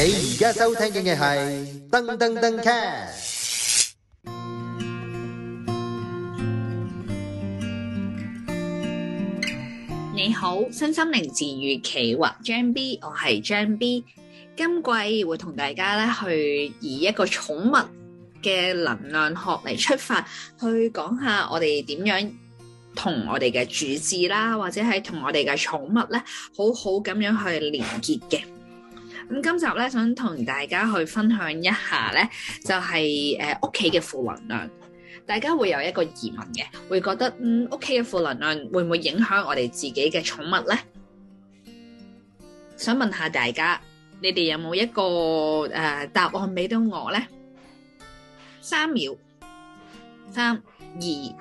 你而家收聽嘅係噔噔噔 cast。你好，身心靈治愈企劃 Jam B，我係 Jam B。今季會同大家咧去以一個寵物嘅能量學嚟出發，去講下我哋點樣同我哋嘅主子啦，或者係同我哋嘅寵物咧，好好咁樣去連結嘅。咁今集咧，想同大家去分享一下咧，就係誒屋企嘅負能量，大家會有一個疑問嘅，會覺得嗯屋企嘅負能量會唔會影響我哋自己嘅寵物咧？想問下大家，你哋有冇一個誒答案俾到我咧？三秒，三、二、一。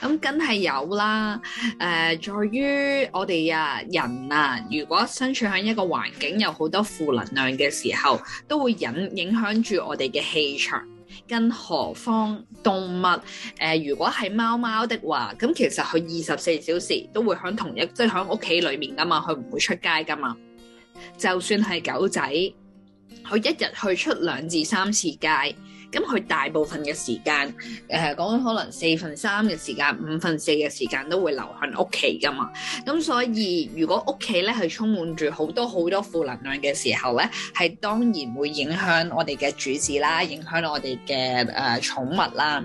咁梗係有啦，誒、呃，在於我哋啊人啊，如果身處喺一個環境有好多負能量嘅時候，都會引影響住我哋嘅氣場。更何況動物，誒、呃、如果係貓貓的話，咁其實佢二十四小時都會喺同一即係喺屋企裏面㗎嘛，佢唔會出街㗎嘛。就算係狗仔，佢一日去出兩至三次街。咁佢大部分嘅時間，誒講緊可能四分三嘅時間，五分四嘅時間都會留喺屋企噶嘛。咁所以如果屋企咧係充滿住好多好多負能量嘅時候咧，係當然會影響我哋嘅主子啦，影響我哋嘅誒寵物啦。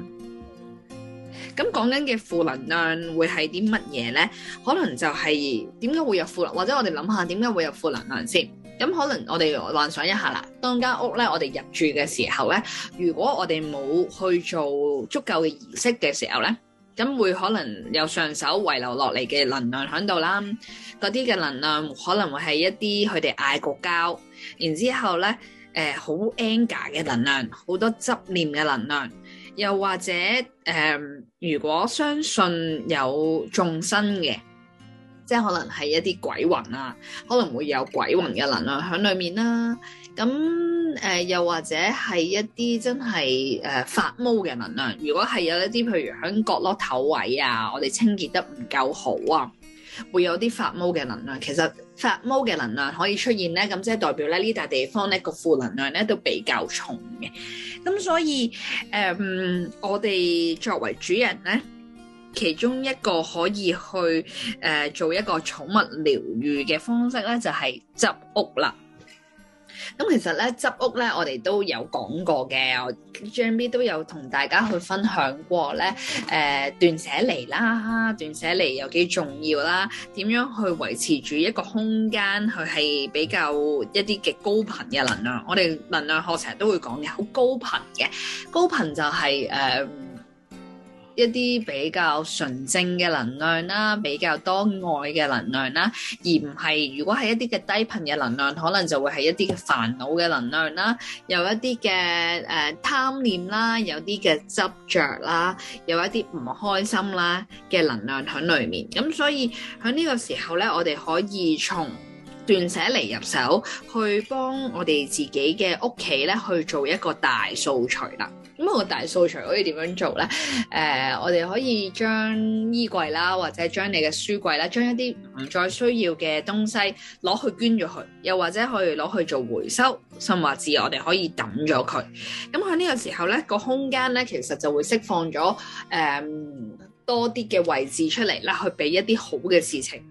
咁講緊嘅負能量會係啲乜嘢咧？可能就係點解會有負能，或者我哋諗下點解會有負能量先。咁可能我哋幻想一下啦，當間屋咧，我哋入住嘅時候咧，如果我哋冇去做足夠嘅儀式嘅時候咧，咁會可能有上手遺留落嚟嘅能量喺度啦，嗰啲嘅能量可能會係一啲佢哋嗌過交，然之後咧，誒好 anger 嘅能量，好多執念嘅能量，又或者誒，如果相信有眾生嘅。即係可能係一啲鬼魂啊，可能會有鬼魂嘅能量喺裡面啦、啊。咁誒、呃，又或者係一啲真係誒、呃、發毛嘅能量。如果係有一啲譬如喺角落頭位啊，我哋清潔得唔夠好啊，會有啲發毛嘅能量。其實發毛嘅能量可以出現咧，咁即係代表咧呢笪、這個、地方咧個負能量咧都比較重嘅。咁所以誒，嗯、呃，我哋作為主人咧。其中一個可以去誒做一個寵物療愈嘅方式咧，就係執屋啦。咁其實咧執屋咧，我哋都有講過嘅，Gemini 都有同大家去分享過咧。誒斷捨離啦，斷捨離有幾重要啦？點樣去維持住一個空間，佢係比較一啲極高頻嘅能量。我哋能量學成日都會講嘅，好高頻嘅。高頻就係誒。一啲比較純正嘅能量啦，比較多愛嘅能量啦，而唔係如果係一啲嘅低頻嘅能量，可能就會係一啲嘅煩惱嘅能量啦，有一啲嘅誒貪念啦，有啲嘅執着啦，有一啲唔開心啦嘅能量喺裏面。咁所以喺呢個時候咧，我哋可以從斷捨離入手，去幫我哋自己嘅屋企咧去做一個大掃除啦。咁我大掃除可以點樣做咧？誒、呃，我哋可以將衣櫃啦，或者將你嘅書櫃啦，將一啲唔再需要嘅東西攞去捐咗佢，又或者可以攞去做回收，甚或至我哋可以抌咗佢。咁喺呢個時候咧，這個空間咧其實就會釋放咗誒、呃、多啲嘅位置出嚟啦，去俾一啲好嘅事情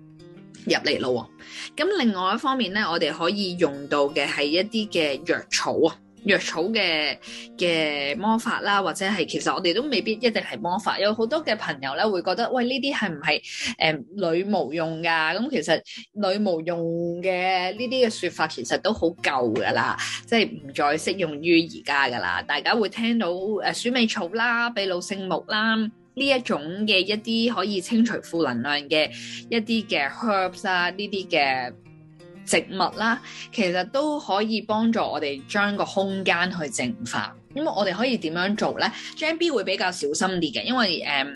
入嚟咯。喎，咁另外一方面咧，我哋可以用到嘅係一啲嘅藥草啊。藥草嘅嘅魔法啦，或者係其實我哋都未必一定係魔法，有好多嘅朋友咧會覺得，喂，呢啲係唔係誒女巫用㗎？咁其實女巫用嘅呢啲嘅説法其實都好舊㗎喇，即係唔再適用於而家㗎喇。大家會聽到誒鼠尾草啦、秘魯聖木啦，呢一種嘅一啲可以清除負能量嘅一啲嘅 herbs 啊呢啲嘅。植物啦，其實都可以幫助我哋將個空間去淨化。咁我哋可以點樣做呢？Jam B 會比較小心啲嘅，因為誒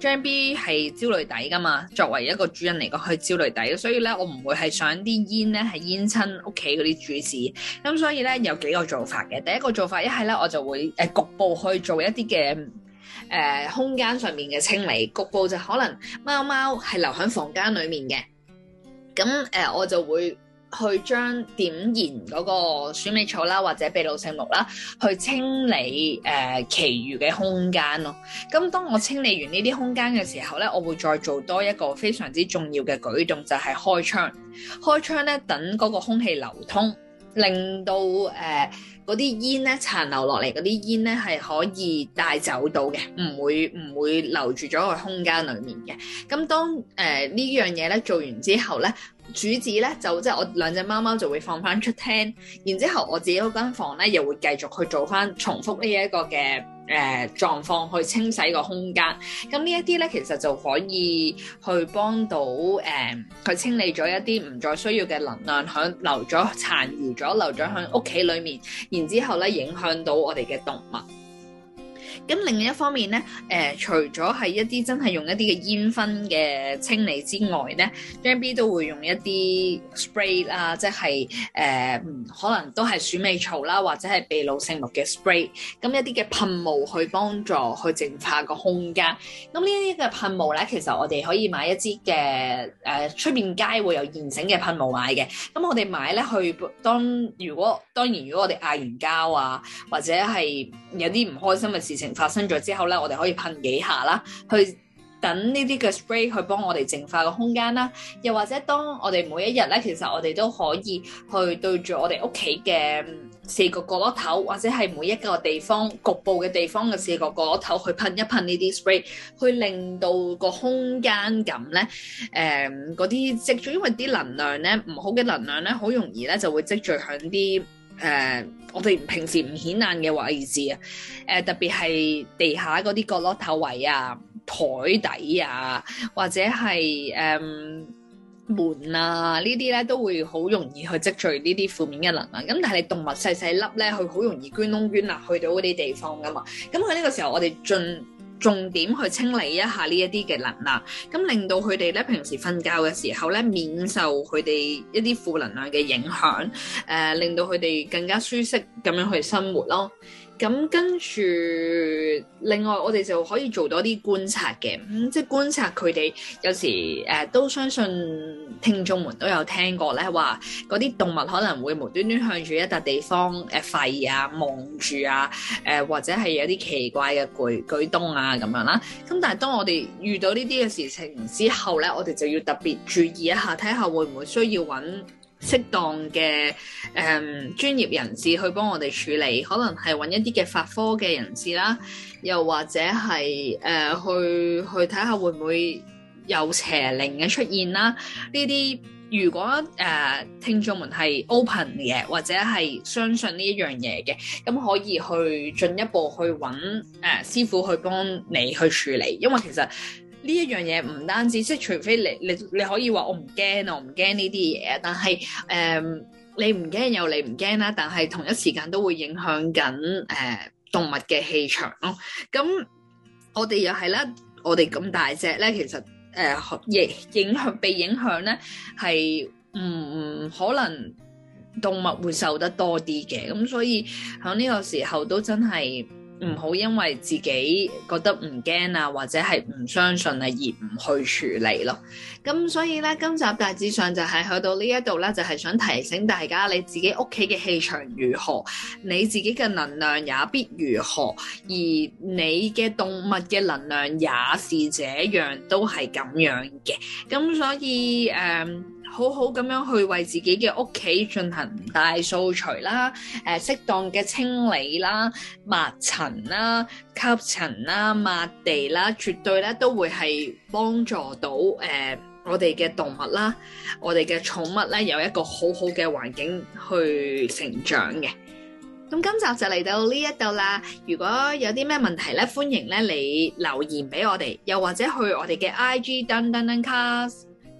Jam、嗯、B 係焦慮底㗎嘛。作為一個主人嚟講，去焦慮底，所以咧我唔會係想啲煙咧係煙親屋企嗰啲主子。咁所以咧有幾個做法嘅。第一個做法一係咧，我就會誒局部去做一啲嘅誒空間上面嘅清理。局部就可能貓貓係留喺房間裡面嘅。咁誒、呃，我就會去將點燃嗰個鼠尾草啦，或者秘魯聖木啦，去清理誒、呃、其餘嘅空間咯。咁當我清理完呢啲空間嘅時候咧，我會再做多一個非常之重要嘅舉動，就係、是、開窗，開窗咧等嗰個空氣流通。令到誒嗰啲煙咧殘留落嚟，嗰啲煙咧係可以帶走到嘅，唔會唔會留住咗喺個空間裡面嘅。咁當誒、呃、呢樣嘢咧做完之後咧，主子咧就即係我兩隻貓貓就會放翻出廳，然之後我自己嗰間房咧又會繼續去做翻重複呢一個嘅。誒、呃、狀況去清洗個空間，咁呢一啲咧其實就可以去幫到誒、呃、佢去清理咗一啲唔再需要嘅能量，響留咗殘餘咗，留咗喺屋企裡面，然之後咧影響到我哋嘅動物。咁另一方面咧，誒、呃、除咗係一啲真係用一啲嘅煙熏嘅清理之外咧 Gemini 都會用一啲 spray 啦，即係誒、呃、可能都係鼠尾草啦，或者係秘魯聖木嘅 spray，咁一啲嘅噴霧去幫助去淨化個空間，咁呢一啲嘅噴霧咧，其實我哋可以買一支嘅誒出面街會有現成嘅噴霧買嘅。咁我哋買咧去當如果當然如果我哋嗌完交啊，或者係有啲唔開心嘅事情。發生咗之後咧，我哋可以噴幾下啦，去等呢啲嘅 spray 去幫我哋淨化個空間啦。又或者當我哋每一日咧，其實我哋都可以去對住我哋屋企嘅四個角落頭，或者係每一個地方局部嘅地方嘅四個角落頭去噴一噴呢啲 spray，去令到個空間感咧，誒嗰啲積聚，因為啲能量咧，唔好嘅能量咧，好容易咧就會積聚響啲誒。呃我哋平時唔顯眼嘅位置啊，誒、呃、特別係地下嗰啲角落頭位啊、枱底啊，或者係誒、呃、門啊，呢啲咧都會好容易去積聚呢啲負面嘅能量。咁但係你動物細細粒咧，佢好容易捐窿捐罅去到嗰啲地方㗎嘛。咁佢呢個時候我，我哋進重點去清理一下呢一啲嘅能量，咁令到佢哋咧平時瞓覺嘅時候咧免受佢哋一啲負能量嘅影響，誒、呃、令到佢哋更加舒適咁樣去生活咯。咁跟住，另外我哋就可以做多啲觀察嘅，咁、嗯、即係觀察佢哋有時誒、呃、都相信聽眾們都有聽過咧，話嗰啲動物可能會無端端向住一笪地方誒吠啊、望住啊、誒、呃、或者係有啲奇怪嘅舉舉動啊咁樣啦。咁但係當我哋遇到呢啲嘅事情之後咧，我哋就要特別注意一下，睇下會唔會需要揾適當嘅誒專業人士去幫我哋處理，可能係揾一啲嘅法科嘅人士啦，又或者係誒、呃、去去睇下會唔會有邪靈嘅出現啦。呢啲如果誒、呃、聽眾們係 open 嘅，或者係相信呢一樣嘢嘅，咁可以去進一步去揾誒、呃、師傅去幫你去處理，因為其實。呢一樣嘢唔單止，即係除非你你你可以話我唔驚我唔驚呢啲嘢，但係誒、呃、你唔驚又你唔驚啦，但係同一時間都會影響緊誒動物嘅氣場咯。咁我哋又係啦，我哋咁大隻咧，其實誒、呃、影影響被影響咧係唔可能動物會受得多啲嘅，咁、嗯、所以喺呢個時候都真係。唔好因為自己覺得唔驚啊，或者係唔相信啊，而唔去處理咯。咁所以咧，今集大致上就係去到呢一度咧，就係、是、想提醒大家，你自己屋企嘅氣場如何，你自己嘅能量也必如何，而你嘅動物嘅能量也是這樣，都係咁樣嘅。咁所以誒。嗯好好咁樣去為自己嘅屋企進行大掃除啦，誒，適當嘅清理啦、抹塵啦、吸塵啦、抹地啦，絕對咧都會係幫助到誒我哋嘅動物啦，我哋嘅寵物咧有一個好好嘅環境去成長嘅。咁今集就嚟到呢一度啦。如果有啲咩問題咧，歡迎咧你留言俾我哋，又或者去我哋嘅 IG 登登登卡，